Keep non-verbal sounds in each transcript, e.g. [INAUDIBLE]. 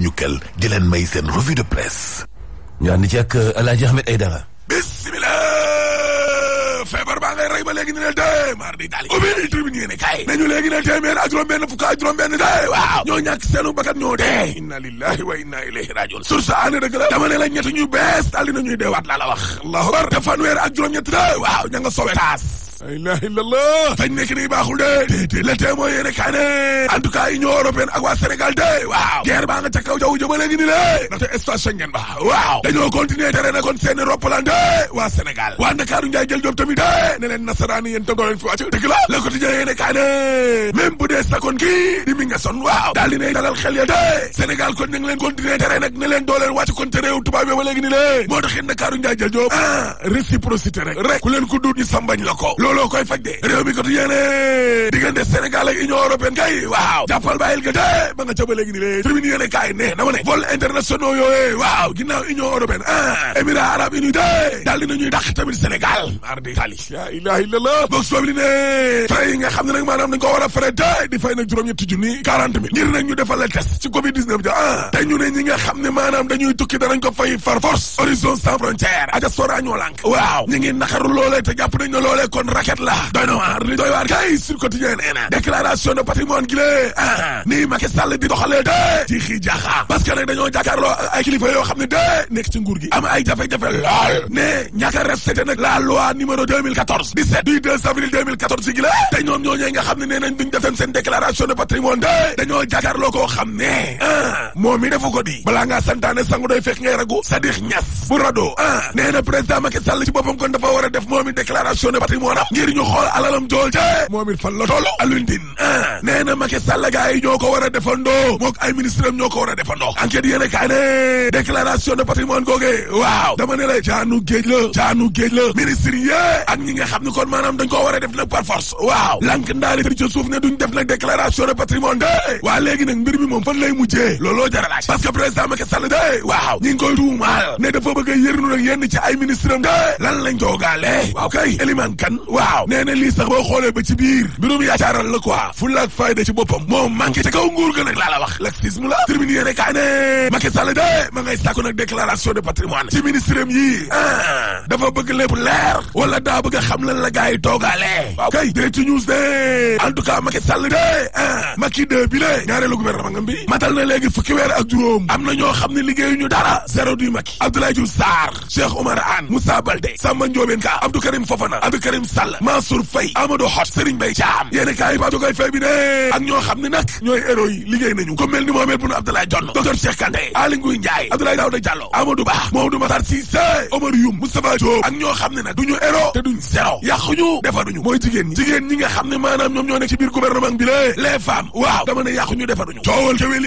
ñukkal di leen may seen revue de presse. ñu ànd ci ak El euh, Hadj Ahmed Aidara. bismillah feebar baa ngay rey ba léegi ni leen dee mar di daal ubbi tribune yéene kay nañu léegi ne téeméer ak juróom-benn fukk ak juróom-benn dee waaw ñoo ñàkk seenu bakkan ñoo dee inna lillahi wa inna ilayhi rajiun sur sa ané dëgg la ñu bees daal dinañuy wax allahu akbar te fanweer ak juróom-ñett dee waaw ña la ilaha illallah fañ nekk nii baaxul de déedéet le tee mooy yéene kaa ne en tout cas ak waa Sénégal de waaw guerre nga ca kaw jaww jëmale ngi ni le ndaxte espace Schengen ba waaw dañoo continuer tere na kon seeni roppalaan de waa Sénégal waa Ndakaaru njaay jël tamit de ne leen nasaraan yéen tam doo fi wàcc dëgg la le quotidien yéene kaa ne même bu dee sakon kii di mi nga son waaw daal di ne ya de Sénégal kon ñu ngi leen continuer tere nag ne leen doo le moo ah, ku leen ko la ko looloo koy faj de réew mi kotu yéene diggante Sénégal ak Union européenne kay waaw jàppal bàyyil ga dé ba nga ca ba léegi ni lée tribune yéene kaay ne dama ne vol internationaux yooyee waaw ginnaaw Union européenne ah Émirats arabes unis dé eh. daal dinañuy dàq tamit Sénégal mar di tali la ilaha illallah boog soob li ne frais yi nga xam ne nag maanaam a ah. dañuy tukki danañ ko fay far force horizon sans frontière aja sora ñoo lànk waaw ñi ngi naxaru loolee te jàpp nañ ne loolee maquette la doy doy waar kay sur quotidien nee déclaration de patrimoine gi lée a ah, nii Macky di doxalee dé ci xii jaaxaa parce que nag dañoo ay kilifa xam ne dé nekk ci nguur gi am ay jafe-jafe ne ñàkk a respecté nag la loi numéro 2014 17 du 2 avril 2014 si gi lée te ñoom ñooñee nga xam ne nee nañ duñ defen seen de patrimoine dé dañoo jàkkaarloo koo xam ne ah, moom mi defu ko di balaa ngaa santaane sangu doy ngir ñu xool alalam jool ca moom it fan la toll alundin a ah, nee na yi ñoo ko war defandoo mook ay ministre ñoo ko war defandoo enquête yéen a kaay ne de patrimoine googee waaw dama ne la jaanu géej la jaanu géej la ministre yee ak ñi nga xam ne kon maanaam dañ koo war a def nag par waaw lank ndaali tëri ca suuf ne duñ def nag déclaration de patrimoine de waa léegi nag mbir mi moom fan lay mujjee looloo jaralaaj parce a waaw nee na lii sax boo xoolee ba ci biir mbirum yaacaaral la quoi fulla ak fayda ci boppam moom manqué ca kaw nguur ga nag laa la wax laxisme la terminé yéene kaa ne Macky Sall de ma ngay sàkku nag déclaration de patrimoine ci ministre am yii ah dafa bëgg lépp leer wala daa bëgg a xam lan la gars yi toogaale waaw kay direct news de en tout cas Macky Sall de ah, de bi le ñaareelu gouvernement ngam bi matal na léegi fukki weer ak juróom am na ñoo xam ne liggéeyuñu dara zéro du Macky Abdoulaye Diouf Sarr Cheikh Omar Anne Moussa Baldé Samba Ndiobène Ka Abdou Karim Fofana Abdou Karim Sarr Sall Mansour Faye Amadou Hott Serigne Mbaye Thiam yéen kaay Pape Jogoy Faye bi ne ak ñoo xam ne nag ñooy héros yi liggéey nañu ko mel ni Mohamed Boun Abdallah Dionne docteur Cheikh Kanté Aly Ngouille Ndiaye Abdoulaye Daouda Diallo Amadou Ba Mamadou Matar Cissé Omar Youm Moustapha Diop ak ñoo xam ne nag duñu héros te duñ zéro yàquñu defaruñu mooy jigéen ñi jigéen ñi nga xam ne maanaam ñoom ñoo nekk ci biir gouvernement bi lée les femmes waaw dama ne yàquñu defaruñu coowal kawel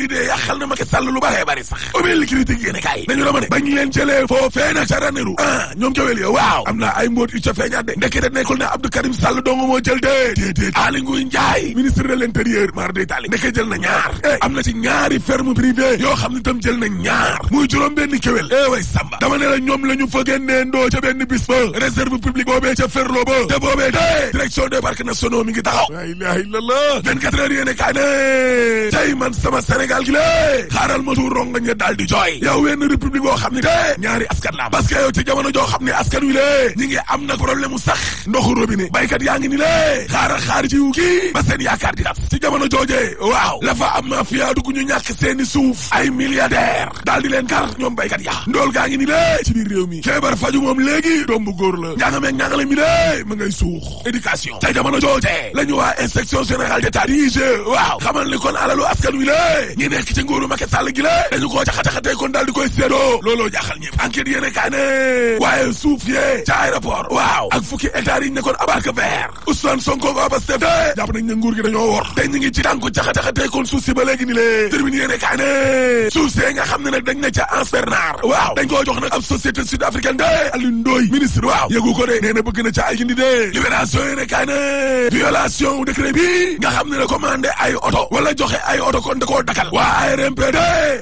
yi dee ne Abdou Karim Sall donga moo jël de déedéet Aly Ngouille Ndiaye ministre de l'intérieur mar day taali ndeke jël na ñaar eh, am na ci ñaari ferme privée yoo xam ne tam jël na ñaar muy juróom benn kéwél eh way samba dama la ñoom la ñu fa génnee ndoo ca benn bis ba réserve publique boobee ca ferlo ba te boobee de direction des parcs nationaux mi ngi taxaw la ilaha illallah 24 heures yéene kaa ne tey man sama Sénégal gi lée xaaral ma tuur ronga ña daal di jooy yow wenn république boo xam ne de ñaari askan la parce que yow joo xam ne askan wi lée ñi ngi am ndoxu robinet béykat yaa ngi ni lée xaaral xaar jiwu kii ba seen yaakaar di kat ci jamono joojee waaw la fa am mafia dugg ñu ñàkk seeni suuf ay milliardaire daal di leen kar ñoom béykat ya ndool gaa ngi ni lée ci biir réew mi feebar faju moom léegi doom bu góor la njàngame njàngale mi lée ma ngay suux éducation ca jamono joojee la ñu waa inspection générale d'état yige waaw xamal ni kon alalu askan wi lée ñi nekk ci nguuru Macky Sall gi lée dañu koo jaxajaxatee kon daal di koy séedoo looloo kon a vert Ousmane Sonko waa Pastef de jàpp nañ ne nguur gi dañoo wor te ñu ngi ci tànku jaxa-jaxatee kon suuf si ba léegi ni lée termines yéene kaa ne suuf see nga xam ne nag dañ ne ca Anse dañ koo jox nag ab société sud africaine de Alioune Ndoye ministre waaw yëgu ko de nee na bëgg na ca ay gindi de libération yéene kaa ne violation décret bi nga xam ne na commandé ay oto wala joxe ay oto kon da koo dakal waa ARMP de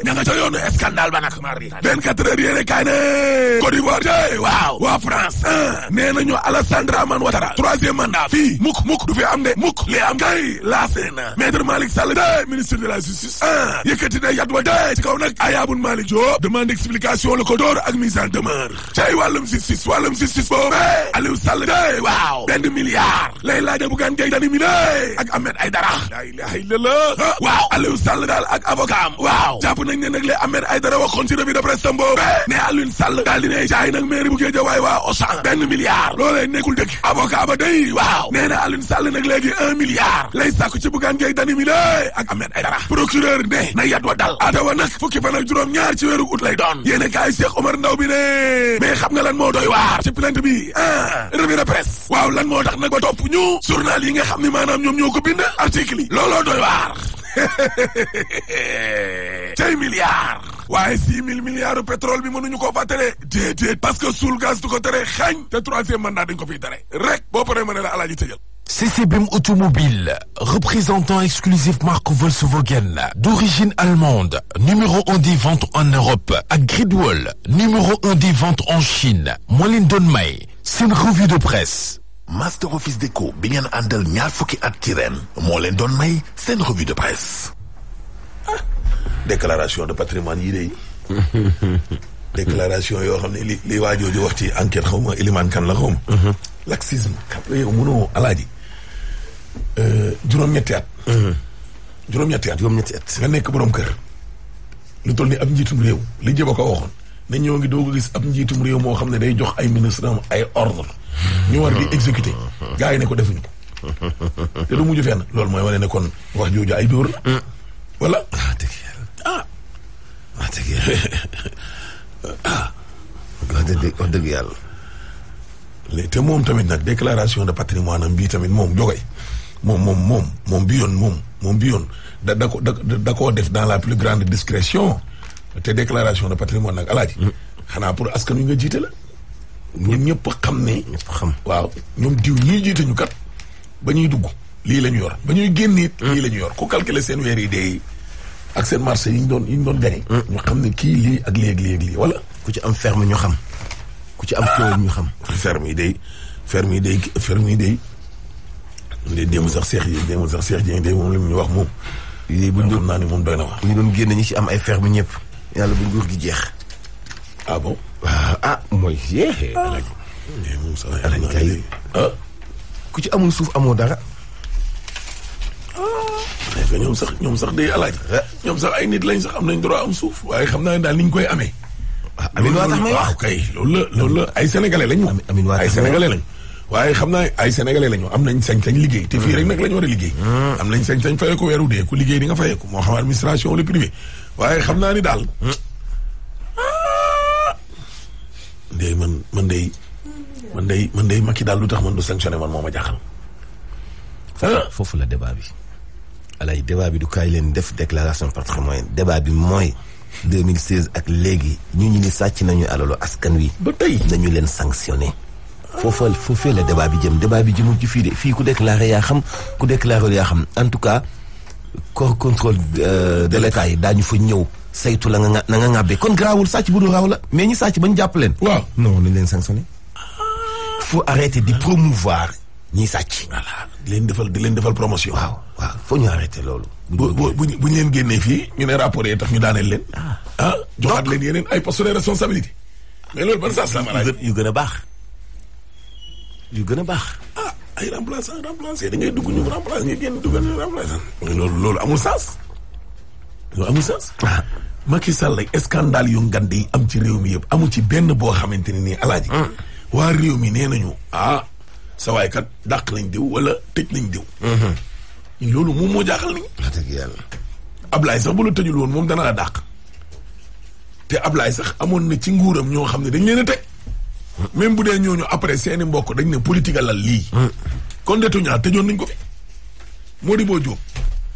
ña nga ca yoonu scandale ba nag mardi Ouattara troisième mandat fii mukk mukk du fi am de mukk li am kay laasee na maître Malick de ministre de la justice a yëkkati na yat wa de ci kaw nag Ayaboun Malick Diop demande explication la ak mise en cay wàllum justice wàllum justice boobu Aliou Sall de waaw benn milliard lay laaja Bougane Gueye Dany mi de ak Ahmed Aïdara la ilaha illallah waaw Aliou Sall daal ak avocat am waaw jàpp nañ ne nag le Ahmed Aïdara waxoon ci revue de presse tam ne Aliou Sall daal avocat ba day waaw nee na Alioune nag léegi un milliard lay sàkku ci Bougane Gueye Dany mi lay ak Ahmed Aïdara procureur ne na yat wa dal adawa nag fukki fan juróom ñaar ci weeru ut lay doon yéene kaay Cheikh Omar Ndaw bi ne mais xam nga lan moo doy waar ci plainte bi ah revue de presse waaw lan moo tax nag ba topp ñu journal yi nga xam ni maanaam ñoom ñoo ko bind article yi looloo doy waar tey [LAUGHS] milliards waaye six mille milliards pétrole bi mënuñu koo fàttale déedéet parce que suul gaz du ko tere xañ te troisième mandat dañ ko fiy tere rek boo paree ma ne la alaaji tëjal CCBM Automobile, représentant exclusif marque Volkswagen, d'origine allemande, numéro 1 des ventes en Europe, à Gridwall, numéro 1 des ventes en Chine, Moulin Donmai, c'est une revue de presse. master office déco bi ngeen àndal ñaar fukki at ci ren moo leen doon may seen revue de presse. déclaration de patrimoine yi de. [LAUGHS] déclaration yoo xam ne li li waa wax ci enquête xaw ma Eliman kan la xaw ma. Mhm. laxisme xam eh, alaaji euh, mhm. juróom-ñetti at. juróom-ñetti at juróom nga nekk boroom kër. lu toll ni ab njiitum réew li a ko waxoon ne ñoo ngi doo a gis ab njiitum réew moo xam ne day jox ay ministre am ay ordre ñu war di ah. exécuter gars yi ne ko defuñu ko [LAUGHS] te du mujj fenn loolu mooy wane ne kon wax jooju ay dóor la wala mm. ah, ah. [LAUGHS] ah wax wax dëgg yàlla te moom tamit nag déclaration de patrimoine am bii tamit moom jogay moom moom moom moom bi yoon moom moom bi yoon da da ko da koo def dans la plus grande discrétion te déclaration de patrimoine nag alaaji mm. xanaa a askan wi nga jiite la ñun ñëpp xam ne. ñëpp xam waaw ñoom diw ñuy jiite kat ba ñuy dugg lii la ñu yor ba ñuy génn it. Hmm. lii la ñu yor ku calculer seen weer yi dee ak seen marché yi ñu doon yi ñu doon hmm. ñu xam ne kii lii ak lii léegi lii ak wala. ku ci am ferme ñu xam. ku ci am ñu xam. ferme yi day ferme yi day ferme yi day. de démb sax seex yi démb sax seex yi de moom la ñu wax moom. lii bu ñu xam naa ne moom doy na wax. ñu doon génn ñi ci am ay ferme ñëpp. yàlla bu gi jeex. ah bon. Ah, ah mooy yéexe. alañ kay ah, ku ci amul suuf amoo dara. ñoom sax ñoom sax day alaaj ah. ñoom sax ay nit lañ sax am nañ droit am suuf waaye xam naa ne daal ni ñu koy amee. amin waa tax may wax loolu la loolu la ay sénégalais lañ moom. amin waa ay sénégalais lañ. xam naa ay sénégalais lañu am nañ sañ-sañ liggéey te fii rek nag lañu war a liggéey hmm. am nañ sañ-sañ fayeeku weeru dee liggéey di nga fayeeku moo xam administration wala privé waaye xam naa ni daal hmm. de man man day man day man day Macky daal lu tax man du sanctionné man moo ma jaaxal. foofu ah! la débat bi. alay débat bi du kaay leen def déclaration patrimoine débat bi mooy. 2016 ak léegi. ñu ñu ni sàcc nañu alalu askan wi. ba tey leen sanctionné. foofal foofee la bi jëm débat bi jëmul fii de fii ku déclaré yaa xam ku déclaré yaa xam en tout cas corps contrôle euh, de l'État yi daañu fa ñëw. saytu la nga na nga ŋàbbee kon garaawul sàcc bu dul raw la mais ñi sàcc bañ jàpp leen. waaw non leen sanctionné. il foo arrêter di promouvoir ñiy sàcc. voilà di leen defal di leen defal promotion. waaw waaw faut ñu arrêter loolu. bu bu bu ñu leen génnee fii ñu ne rapport yi tax ñu daaneel leen. ah, ah joxaat leen yeneen ay postes de responsabilité. mais loolu ban sens la ma laaj yu gën a baax yu gën a baax. ah ay remplaçant remplacé da ngay dugg ñu remplacé nga ñu remplacé. mais loolu loolu amul loolu amul sens. Macky Sall like, yu ngande yi am ci réew mi yëpp amul ci benn boo xamante ne nii alaaji. Hmm. waa réew mi nee nañu ah sa waay kat dàq nañ diw wala tëj nañ diw. Hmm. loolu moom moo jaaxal ni. wax dëgg yàlla. Ablaye sax bu la tëjul woon moom dana la dàq. te Ablaye sax amoon na ci nguuram ñoo xam ne dañ leen a teg. Hmm. même bu dee ñooñu après seeni mbokk dañ ne politique lal lii. kon de tuñaa tëjoon nañ ko fi. Modibo Diop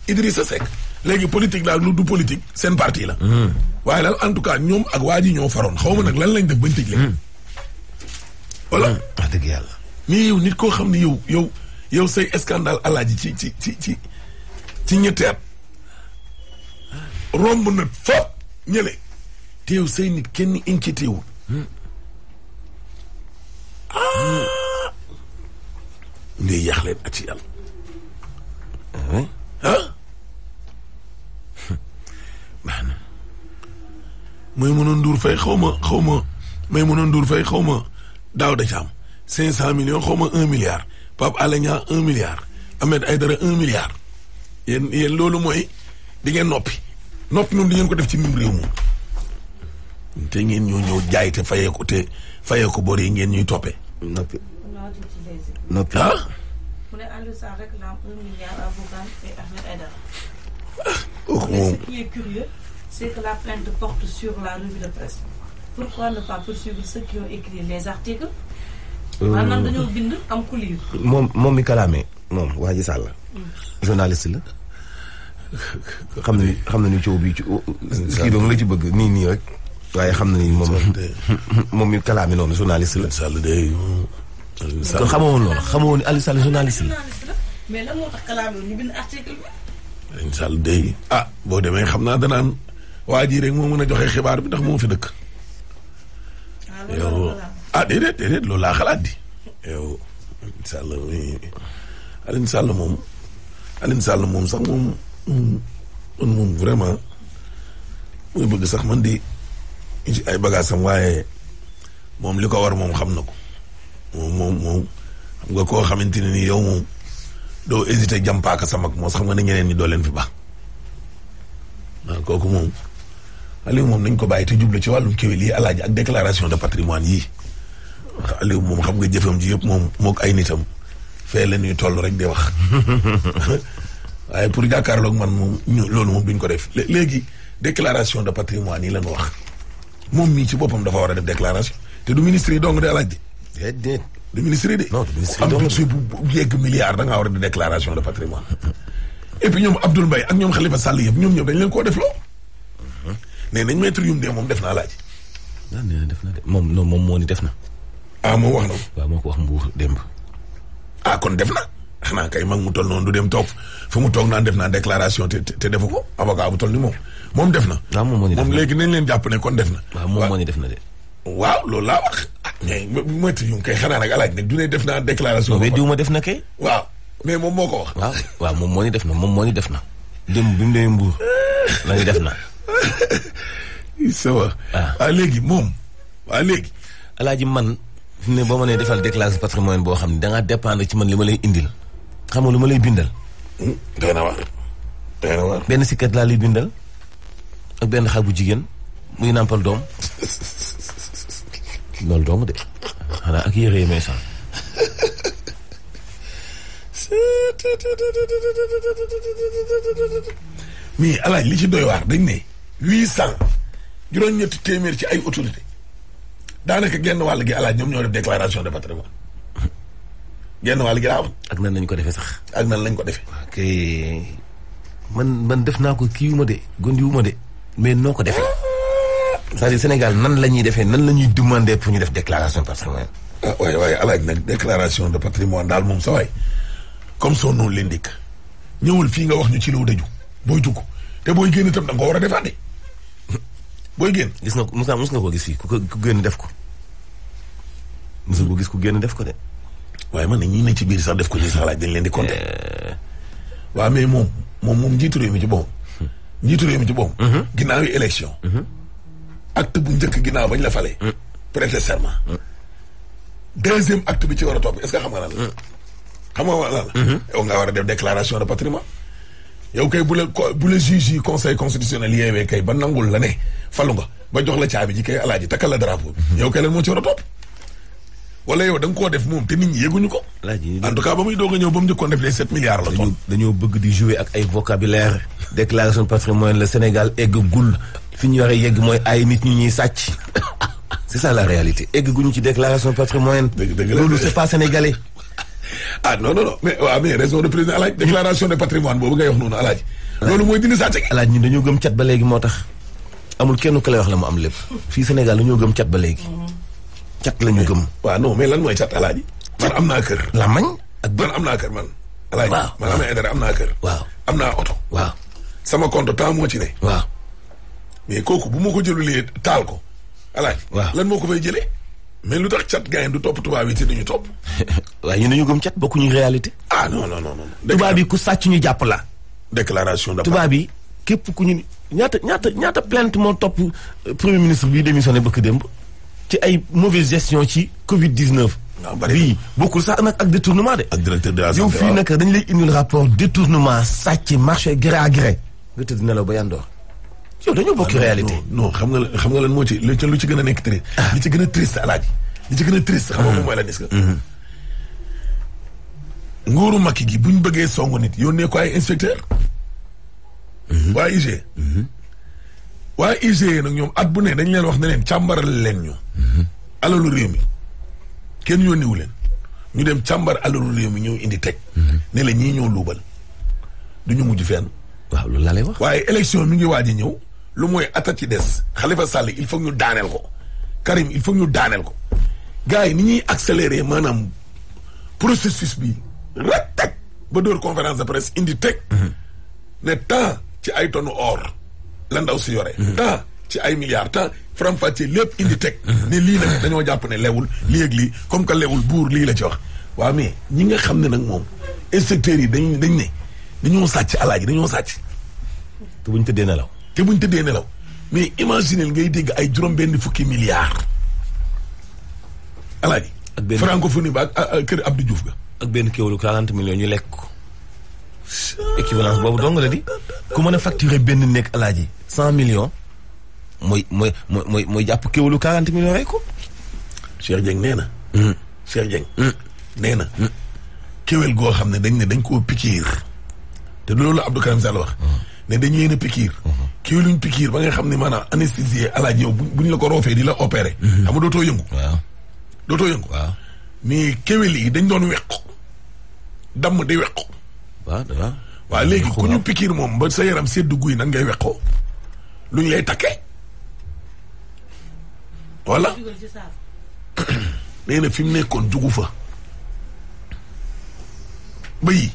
Idrissa Seck. léegi politique la ak lu du politique seen parti la. Hmm. waaye daal en tout cas ñoom ak waa ji ñoo faroon xaw ma nag lan lañ def bañ tëj leen. Hmm. voilà hmm. wax dëgg yàlla. mais yow nit koo xam ne yow yow yow say scandale alaaji ci ci ci ci ci ñetti at romb na fop ñële te yow say nit kenn inquiété wul. ah. ngay yàq leen ak ci yàlla. Ah ah. baax na nduur fay xaw ma xaw ma may mënoon Ndour fay xaw ma daaw da am cinq cent millions xaw ma un milliard Pape Alé Niang un milliard Ahmed Aïdara un milliard yéen loolu mooy di ngeen noppi noppi moom di ko def ci mim réew moom te ngeen ñoo ñëw jaay te fayee ko te fayee ko bor yi ngeen ñuy toppee. Ce qui est curieux, c'est la plainte ne euh, moom mi kalaamee moom waa ji Sall. Mm. la. xam nañu xam nañu coow bi ci euh, kii la ci bëgg nii nii rek. waaye xam na ni moom moom mi kalaamee noonu journaliste la. Sall de euh, xamoo woon xamoo woon Aliou Sall la. mais lan moo tax kalaamee ñu bind article Alioune Sall day ah boo demee xam naa danaan waa ji rek moo mën a joxe xibaar bi ndax moo fi dëkk. Ah, yow ah déedéet déedéet loolu laa xalaat di. yow Alioune Sall Alioune Sall moom Alioune Sall moom sax moom man moom vraiment muy bëgg sax man di ci ay bagages am waaye moom li ko war moom xam na ko moom moom moom xam nga koo xamante ne ni yow moom. doo hésité jàmpaaka sa mag moos xam nga ne ñeneen ñi doo leen fi baax kooku moom Aliou moom nañ ko bàyyi te jublu ci wàllum kéwél yi alaaji ak déclaration de patrimoine yii wax Aliou moom xam nga jëfam ji yëpp moom moog ay nitam fee la ñuy toll rek di wax [LAUGHS] waaye pour jàkkaarloog man moom loolu moom duñ ko def léegi déclaration de patrimoine yi lañu wax moom mii ci boppam dafa war a def déclaration te du ministre yi dong de alaaji déedéet du ministre de. non du ministre de am budget bu yegg milliard da war a di déclaration de patrimoine et ñoom Abdoul Mbaye ak ñoom Khalifa Sall yëpp ñoom ñëpp dañ leen koo def loo. nee nañ maître yum de moom def naa laaj. waaw nee na def na de moom non moom moo ni def na. ah moom wax na ko. wax Mbour démb. ah kon na xanaa kay mag mu toll noonu du dem toog fu mu toog naan def naa déclaration te te defu ko avocat moom def na. waaw moom moo ni na leen jàpp ne kon def na. waaw moom moo ni def na de. waaw loolu laa wax ah, mais moytu yu ngi koy xanaa nag alaaj ne du ne def naa déclaration. mais diw ma def na kay. waaw mais moom moo ko wax. waaw moom moo ni def na moom moo ni def na. démb bi mu demee def na. [LAUGHS] ça va. Ah. waaw léegi moom. waaw man fi mu ne boo ma nee defal déclaration patrimoine boo xam ne da ngaa ci man li ma lay indil. xam nga lu ma lay bindal. Hmm, doy na waar. doy na waar. benn sikkat laa lay bindal. ak benn xar jigéen. muy nàmpal doom. [LAUGHS] loolu doomu de xanaa ak yére yi may sax. mais alaaj li ci doy waar dañ ne huit cent juróom-ñetti téeméer ci ay autorité daanaka genn wàll gi alaaj ñoom ñoo def déclaration de patrimoine genn wàll gi laa ak nan lañ ko defee sax. ak nan lañ ko defee. ok man man def naa ko kii wu ma de gondi de mais noo ko defee. cest à Sénégal nan la ñuy defee nan la ñuy demander pour ñu def déclaration de patrimoine. ah waaye waaye alaaj nag déclaration de patrimoine daal moom sa waay comme son nom l'indique ñëwul fii nga wax ñu ci law daju booy dugg te booy génn tam da nga war a defaat de booy génn. gis nga ko Moussa mos nga ko gis fii ku ko ku génn def ko. mos nga ko gis ku génn def ko de. waaye man ne ñii ne ci biir sax def ko nii sax laaj dañ leen di compter. Eh. waaw mais moom moom moom njiitu réew ci boppam. Hmm. njiitu réew ci boppam. Hmm. ginnaaw yi acte bu njëkk ginnaaw bañ la fale. Mm. prêter serment. Mm. deuxième acte bi ci war est-ce que xam nga lan la. Mm. xam nga lan la. Mm-hmm. yow nga war a def déclaration de patrimoine. yow kay bu la bu la juge yi conseil constitutionnel yeewee kay ba nangul la ne falu nga ba jox la caabi ji kay alaaji takkal la drapeau bi. Mm-hmm. yow kay lan moo ci war a topp. yow da koo def moom te nit ñi yëguñu ko. en tout cas ba muy doog a ñëw ba mu njëkkoon def les sept milliards la. dañoo bëgg di jouer ak ay vocabulaire déclaration de patrimoine le Sénégal gul fi ñu waxee a mooy ay nit ñu ñuy sàcc [COUGHS] c'est ça la réalité egg gu ñu ci déclaration patrimoine loolu c'est pas sénégalais [COUGHS] ah non non non mais waaw mais raison de président alaaj déclaration de patrimoine boobu ngay wax noonu alaaj ah. loolu mooy dindi sàcc gi alaaj ñun dañoo gëm cat ba léegi moo tax amul kenn ku lay wax la mu am lépp fii Sénégal ñoo gëm cat ba léegi cat la ñu gëm waa non mais lan mooy cat alaaj man am naa kër la mañ ak man am naa kër man alaaj man am naa am naa kër waaw am naa oto waaw sama compte temps moo ci ne mais kooku bu ma ko jëlulee taal ko alaaj waaw lan moo ko fay jëlee mais lu tax cat gars yi du topp tubaab yi te duñu topp [LAUGHS] waaye ñu nañu gëm cat bokkuñu réalité ah non non non tubaab yi ku sàcc ñu jàpp la déclaration de tubaab yi képp ku ñu ñaata ñaata ñaata plainte moo topp euh, premier ministre bi démissionné bëkk démb ci ay mauvaise gestion ci covid 19 ah, bii bokkul sax nag ak détournement de ak directeur de la santé yow fii nag dañu lay indil rapport détournement sàcc marché gré à gré nga tëdd nelaw ba yandoor yow dañoo bokk ah, réalité non xam nga xam nga lan moo ci lu ci gën a nekk triste ah. li ci gën a triste alaaji li ci gën a trist xam nga moom mooy lan est-ce que nguuru Macky gi buñ bëggee songu nit yónnee ko ay inspecteur mm-hmm. waa IG mm-hmm. waa IG nag ñoom at bu ne dañu leen wax ne leen càmbaral leen ñu mm-hmm. alalu réew mi kenn yónniwu leen ñu dem càmbar alalu réew mi ñëw indi teg ne la ñii ñoo luubal du ñu mujj fen waaw loolu laa lay wax. waaye élection mi ngi waaj a ñëw lu mooy atta ci des Khalifa Sall il faut ñu daaneel ko Karim il faut ñu daaneel ko gars yi ni ñuy accélérer maanaam processus bi rek teg ba dóor conférence de presse indi teg. Mhm. ne tant ci ay tonnes or la ndaw si yore. Mhm. tant ci ay milliards tant faram fàccee lépp indi teg. Mhm. ne lii nag dañoo jàpp ne lewul lii ak lii comme que lewul buur lii la ci wax. waa mais ñi nga xam ne nag moom inspecteurs yi dañ dañ ne. dañoo sàcc alaaji dañoo sàcc. te buñ tëddee nelaw. te buñ tëddee nelaw mais imaginel ngay dégg ay juróom-benn fukki milliards. alaaji. ak benn francophonie ba ak kër Abdou Diouf ga ak benn kéwlu 40 millions ñu lekk ko. équivalence boobu dong la di ku mën a facturer benn nekk alaaji 100 millions. mooy mooy mooy mooy jàpp kéwlu 40 millions rek ko. Cheikh Dieng nee na. Hmm. Cheikh Dieng. Hmm. Hmm. kéwel goo xam ne dañ ne dañ koo pikiir. te loolu la Abdou Karim Sall wax. Mm-hmm. ne dañ leen a pikiir. Mm-hmm. kii luñ pikiir ba nga xam ne maanaam anesthésié alaaj yow buñ la ko roofee di la opéré. Mm-hmm. xam nga dootoo yëngu. dootoo yëngu. waaw mais kéwél yi dañ doon weq. damm di weq. waaw léegi ku ñu pikiir moom ba sa yaram seddu guy nan ngay weqoo luñ lay takkee voilà. [COUGHS] nee na fi mu nekkoon dugg fa. bëy.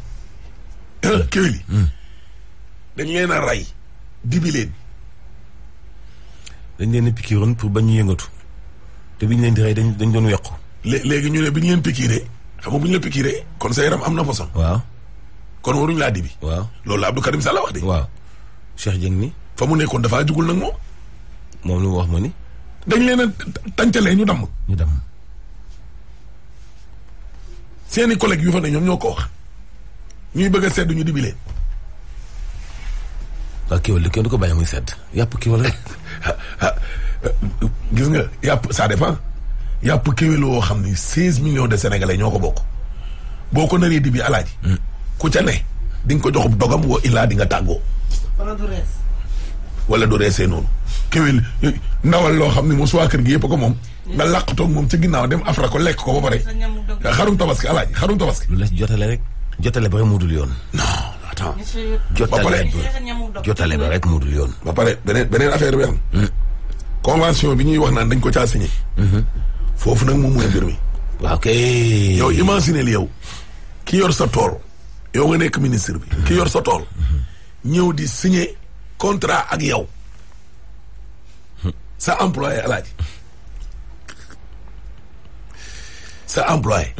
[COUGHS] kéwéli hmm. dañ leen a rey dibi leen dañ leen a pikiroon pour bañ ñu yëngatu te biñ leen di rey dañ dañ doon wequ léegi ñu ne bi ñu leen pikiree xam nga bu ñu la pikiree kon sa yaram am na poson waaw kon waruñ laa dibi waaw loolu la Abdou Karim Sall wax de waaw Cheikh Dieng ni fa mu nekkoon dafaa jugul nag moom moom lu mu wax ma ni dañ leen a tàncalee ñu damm ñu damm seeni collègue yu fa ne ñoom ñoo ko wax ñuy bëgg a sedd ñu di bile. Ah, waaw kéwél li kenn du ko bàyyi muy sedd yàpp kéwél rek. [LAUGHS] Ah, ah, gis nga yàpp ça fa yàpp kéwél woo xam ni seize millions de sénégalais ñoo ko bokk boo ko naree di bi alaaji. Hmm. ku ca ne di ko jox dogam woo illaa di nga tàggoo. wala du rees. wala du reesee noonu. kéwél ndawal loo xam ne moom kër gi yëpp ko moom. nga làqtoog moom ca ginnaaw dem afra ko lekk ko ba pare. xarum tabaski alaaji xarum tabaski. lu la jotale rek. jotale ba rek mu dul yoon. non attends. jotale ba jotale rek mu yoon. ba pare beneen beneen affaire bi am. Hmm. convention bi ñuy wax naan dañ ko caa signé. Hmm. foofu nag moom mooy mbir mi. waaw kay. yow imaginer li yow. ki yor sa tool. yow nga nekk ministre bi. ki yor sa tool. Hmm. ñëw di signé contrat ak yow. sa employé alaaji sa employé.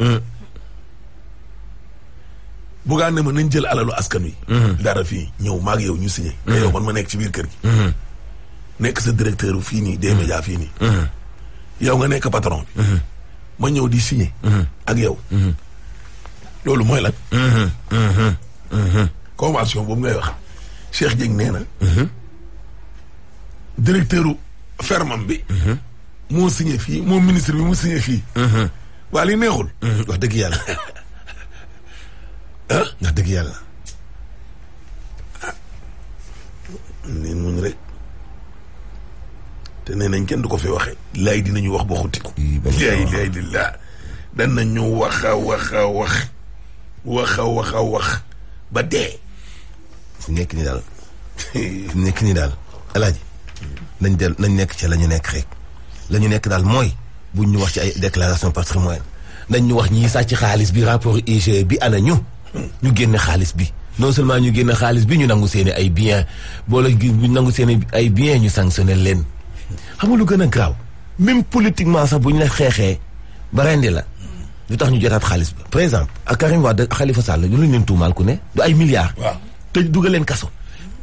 bugaan ne ma nañ jël alalu askan wi. Mhm. dara fii ñëw maag yow ñu signé. mais mhm. yow man ma nekk ci biir kër gi. Mhm. nekk sa directeur fii nii des médias fii nii. yow nga nekk patron bi. ma ñëw di signé. ak yow. loolu mooy lan. convention boobu ngay wax Cheikh Dieng nee na. directeur fermam bi. moo signé fii moom ministre bi mu signé fii. waa li neexul. wax dëgg yàlla. [LAUGHS] ndax [COUGHS] dëgg yàlla ah ni muñ rek te nee nañ kenn du ko fi waxe laay nañu wax ba xuttiku laay laay di laa danañu waxa waxa wax waxa wax ba dee fu nekk ni daal fu nekk ni daal alaaji nañ del nañ nekk ci la ñu nekk rek la ñu nekk daal mooy bu ñu wax ci ay déclaration patrimoine nañ ñu wax ñii ci xaalis bi rapport IG bi ana ñu ñu génn xaalis bi non seulement ñu génn xaalis bi ñu nangu seen ay bien boo la ñu nangu seen ay bien ñu sanctionné leen xam nga lu gën a graaw même politiquement sax bu ñu la xeexee ba rendi la lu tax ñu jotaat xaalis ba par exemple ak Karim Wade Khalifa Sall lu ñu leen tuumaal ku ne du ay milliards te dugg leen kaso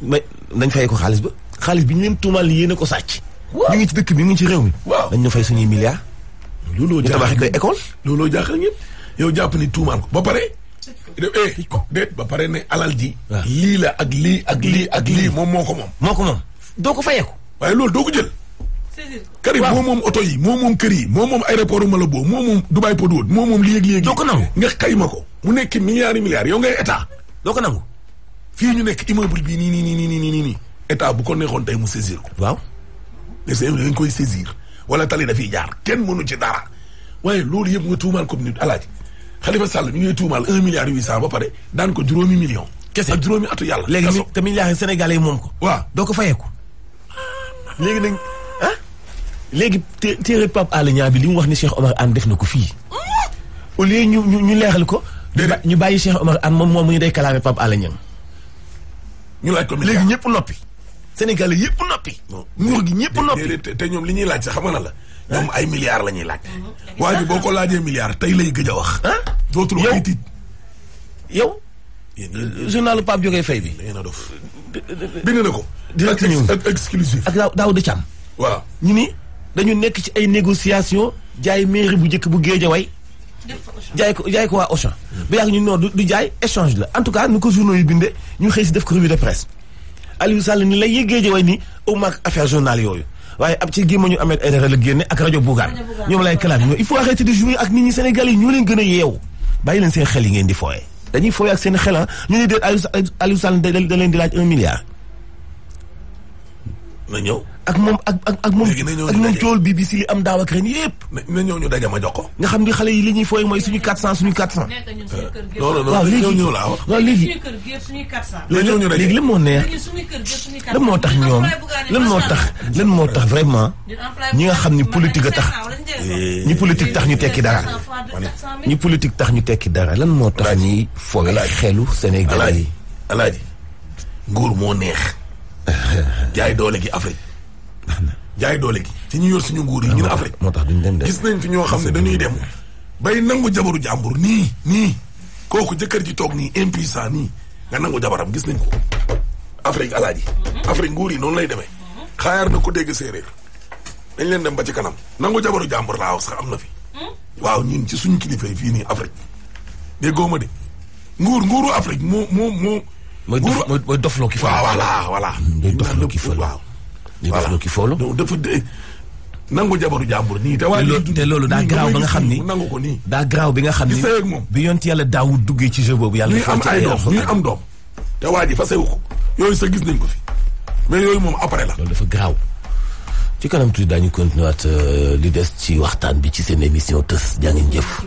mais dañ fayee ko xaalis ba xaalis bi ñu leen tuumaal yéen a ko sàcc ñu ngi ci dëkk bi ñu ngi ci réew mi dañ ñu fay suñuy milliards looloo jaaxal ñu koy école looloo jaaxal yow jàpp ni ko ba pare eh déet ba pare ne alal ji. Ah. lii la ak lii ak lii ak lii moom moo ko moom. moo ko moom doo ko fayeeku. waaye loolu doo ko jël. Karim moo moom oto yi moo moom kër yi moo moom aéroport Malabo moo moom Dubai Port World moo moom lii ak lii ak lii. doo ko nangu nga xayma ko mu nekk milliards yi milliards yow ngay état. doo ko nangu. fii ñu nekk immeuble bi nii nii nii nii nii nii nii état bu ko neexoon tey mu saisir ko. waaw les émis dañ koy saisir wala tali dafiy jaar kenn mënu ci dara waaye loolu yëpp nga tuumaal comme nit alaaji Khalifa Sall mi ngi tuumaal un milliard huit cent ba pare daan ko juróomi million. kese ak atu yàlla. léegi te milliards yi Sénégalais yi moom ko. waaw doo ko fayeeku. léegi nag ah. léegi té téere Pape bi li mu wax ni Cheikh Omar Anne def na ko fii au lieu ñu ñu ñu leexal ko. ñu bàyyi Cheikh Omar Anne moom moom mu ñu day kalaame Pape Alé ñu laaj ko léegi ñëpp loppi Sénégalais yëpp noppi. nguur gi ñëpp noppi te ñoom li ñuy laaj sax xam na la. ñoom ay milliards la ñuy laaj. Mhm, waa boo ko laajee milliards tey lay gëj a wax. dootul ay tiit Fay bi. bind na ko. dina ci ñëw ak exclusif ak daaw daaw de waaw ñu ni dañu nekk ci ay négociation jaay mairie bu njëkk bu Géejawaay. jaay ko jaay ko waa Auchan. ba yàgg ñu non du jaay échange la en tout cas nu ko journaux yu ñu xëy si def ko revue de presse. Aliou Sall ni la yëggee ji way ni au maak affaire journal yooyu waaye ab ci gémmañu Ahmed Aïdara la génne ak rajo Bougane ñoom lay kalaam ñoo il faut arrêter de jouer ak nit ñi Sénégal ñoo leen gën a yeewu bàyyi leen seen xel yi ngeen di fooye dañuy fooye ak seen xela ah. ñu ne déet leen di laaj un milliard na ñëw ak moom ak ak ak moom ak moom cool bi bi si li am daaw ak ren yëpp na ñëw ñu daje ma jox ko nga xam ni xale yi li ñuy fooy mooy suñu 400 suñu 400 non non ñëw ñëw laa wax waaw léegi léegi lan moo neex lan moo tax ñoom lan moo tax lan moo tax vraiment ñi nga xam ni politique a tax eh. ñi politique tax ñu tekki dara ñi politique tax ñu tekki dara lan moo tax ñi fooy xelu Sénégal yi alaaji nguur moo neex [LAUGHS] jaay doole gi Afrique. jaay doole gi ci ñu yor suñu nguur yi ñun Afrique. moo tax duñ de gis nañ fi ñoo xam ne dañuy dem. bay nangu jabaru jàmbur nii nii kooku jëkkër ji toog nii impuissant nii nga nangu jabaram gis nañ ko. Afrique alaaji. Afrique nguur yi noonu lay demee. xaayaar na ko dégg séeréer. dañ leen dem ba ci kanam nangu jabaru jàmbur laa wax sax am na fi. waaw ñun ci suñu kilifa yi fii nii Afrique. déggoo ma de nguur nguuru Afrique moo moo moo. mooy dof mooy dofloo ki fóoloo. voilà voilà. mooy dofloo ki fóoloo waaw. mooy dofloo ki fóoloo. donc dafa nangu jabaru jàmbur nii. te waa te loolu daa garaaw ba nga xam ni nangu ko nii. daa garaaw bi nga xam ni bi yont yàlla daawut duggee ci jeu boobu yàlla. ñu am ay doom ñu am doom. te waa ji fasewu ko yooyu sa gis nañ ko fi mais yooyu moom après la. loolu dafa garaaw. ci kanam tuuti daañu continué waat euh, li des ci waxtaan bi ci seen émission tës jaa ngeen jëf.